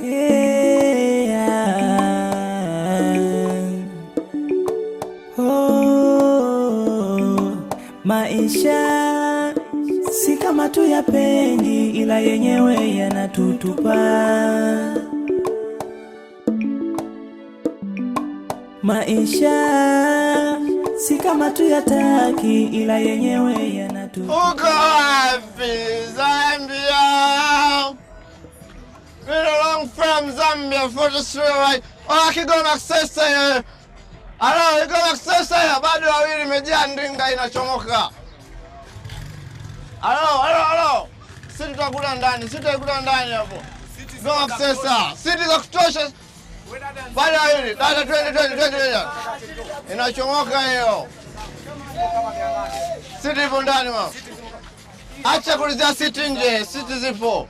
Oh, maisha si kama tu yapendi, ila yenyewe yanatutupa. Maisha si kama tu yataki, ila yenyewe yanatutupa. song from Zambia for the Street. Oh, kigona sasa ya. Ala, kigona sasa ya bado wawili imejaa ndinga inachomoka. Alo, alo, alo. Sisi tutakula ndani, sisi tutakula ndani hapo. access, sasa. Sisi za kutosha. Bado wawili, dada twende twende twende. Inachomoka hiyo. Sisi ipo ndani mama. Acha kulizia siti nje, siti zipo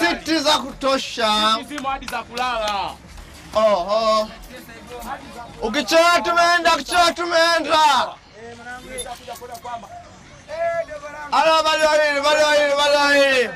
siti za kutosha. Oho, ukichoa tumeenda, kichoa tumeenda. Ala, bado wawili, bado wawili, bado wawili.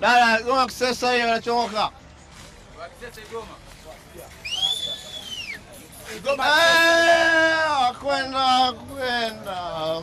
Dada, Goma Kisesa hii wanachongoka. Eh, wakwenda, wakwenda.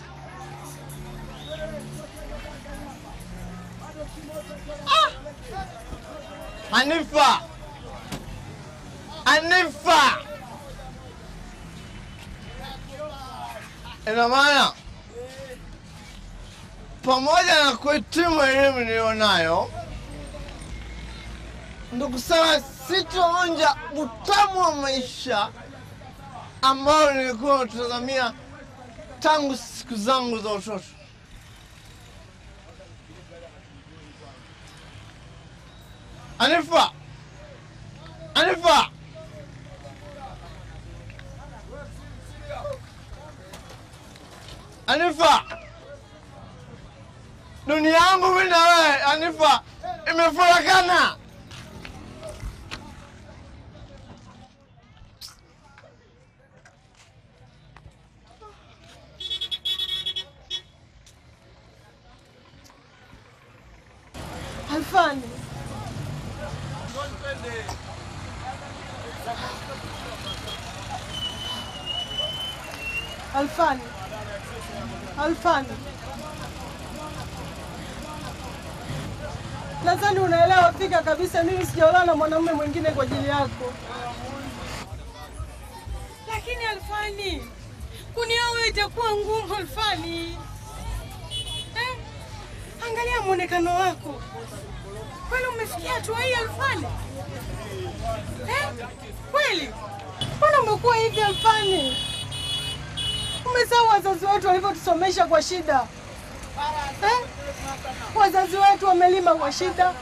Hanifa! Hanifa! Ina maana pamoja na kuhitimu elimu niliyonayo, ndugu sana, sitoonja utamu wa maisha ambayo nilikuwa natazamia tangu siku zangu za utoto. Anifa, Anifa, Anifa. Nous n'y avons pas de mal, on Il me faut la canne Alphonse. Alfani, Alfani, nadhani unaelewa fika kabisa, mimi sijaolewa mwanamume mwingine kwa ajili yako. Lakini Alfani, kunioa itakuwa ngumu Alfani angalia mwonekano wako, kweli umefikia hatua hii Alfani eh? Kweli mbona umekuwa hivi Alfani? Umesahau wazazi wetu walivyotusomesha kwa shida eh? Wazazi wetu wamelima kwa shida,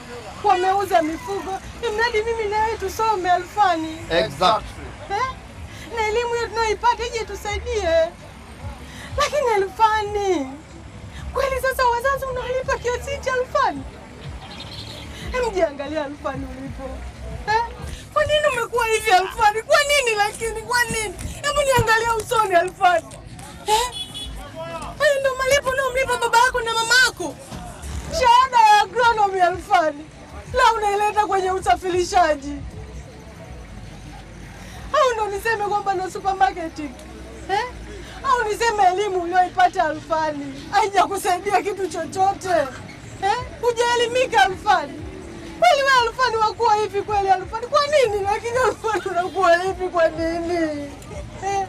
wameuza mifugo, imradi mimi nawe tusome Alfani. Exactly. Eh? Na elimu hiyo tunayoipata ije tusaidie, lakini Alfani kweli sasa Rufani, Mjiangalia jiangalia ulipo eh? Kwa nini umekuwa hivi Alfani? Kwa nini lakini, kwa nini? Hebu niangalia usoni Alfani eh? Hayo ndo malipo unaomlipa baba yako na mama yako, shahada ya agronomy Alfani, la unaileta kwenye usafirishaji au ndo niseme kwamba na supermarket eh? au niseme elimu uliyoipata Alfani haijakusaidia kitu chochote unasalimika alfani. Kweli wewe alfani wakuwa hivi kweli alfani? Kwa nini lakini alfani unakuwa hivi kwa nini? Eh.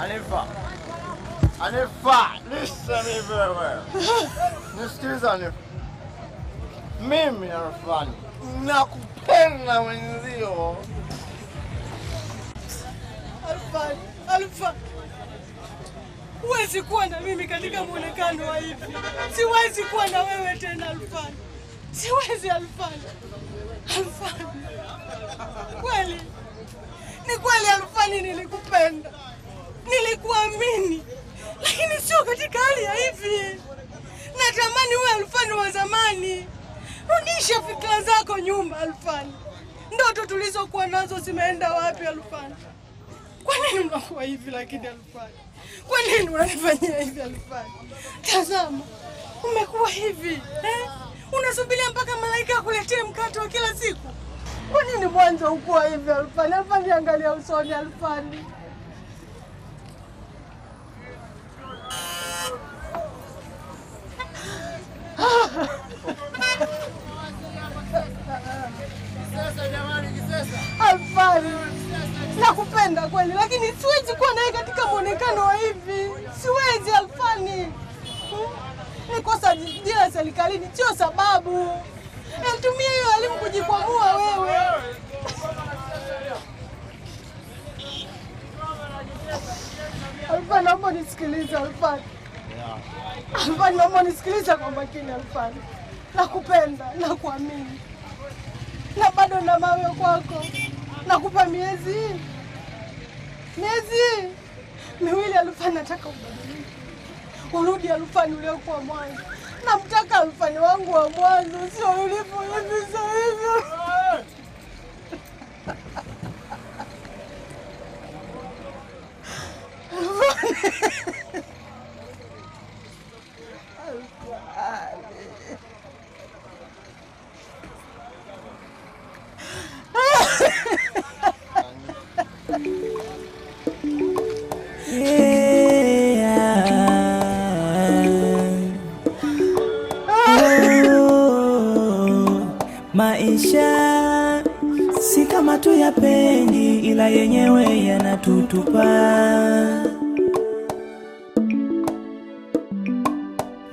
Anifa. Anifa, listen hivi wewe. Nisikiliza Anifa. Mimi alfani nakupenda mwenzio. Alfani, alfani. Huwezi kuwa na mimi katika mwonekano wa hivi. Siwezi kuwa na wewe tena Alfani, siwezi Alfani. Alfani, kweli ni kweli Alfani, nilikupenda, nilikuamini, lakini sio katika hali ya hivi. Natamani uwe Alfani wa zamani. Rudisha fikra zako nyuma Alfani. Ndoto tulizokuwa nazo zimeenda wapi Alfani? Kwa nini mnakuwa hivi lakini Alfani? Kwa nini unanifanyia hivi Alfani? Tazama, umekuwa hivi eh? Unasubiria mpaka malaika akuletee mkate wa kila siku. Kwa nini mwanzo ukuwa hivi Alfani? Alfani, angalia usoni Alfani. Alfani. Nakupenda kweli, lakini siwezi kuwa naye katika mwonekano wa hivi. Siwezi Alfani, hmm? ni kosa jina serikalini, sio sababu. Natumia hiyo elimu kujikwamua wewe. Alfani, naomba nisikilize Alfani. Alfani, naomba nisikilize kwa makini Alfani. Nakupenda, nakuamini na bado na mawe kwako. Nakupa miezi miezi miwili Alfani, nataka ubadilike, urudi Alfani uliokuwa mwanzo. Namtaka Alfani wangu wa mwanzo, sio ulivyo hivi sasa hivi. maisha si kama tu ya pendi, ila yenyewe yanatutupa.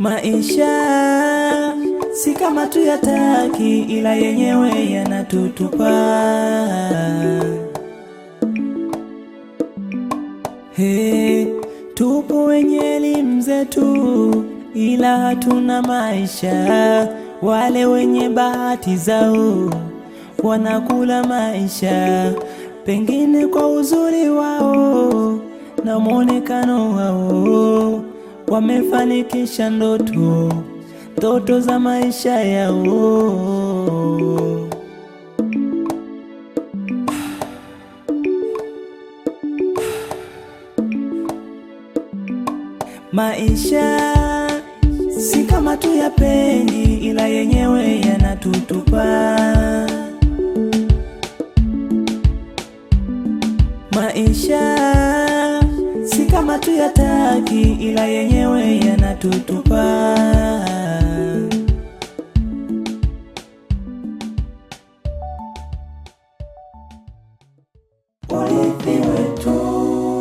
Maisha si kama tu ya taki, ila yenyewe yanatutupa. he tupo wenye elimu zetu, ila hatuna maisha wale wenye bahati zao wanakula maisha, pengine kwa uzuri wao na mwonekano wao, wamefanikisha ndoto ndoto za maisha yao. maisha si kama tu ya pendi, ila yenyewe yanatutupa. Maisha si kama tu ya taki, ila yenyewe yanatutupa.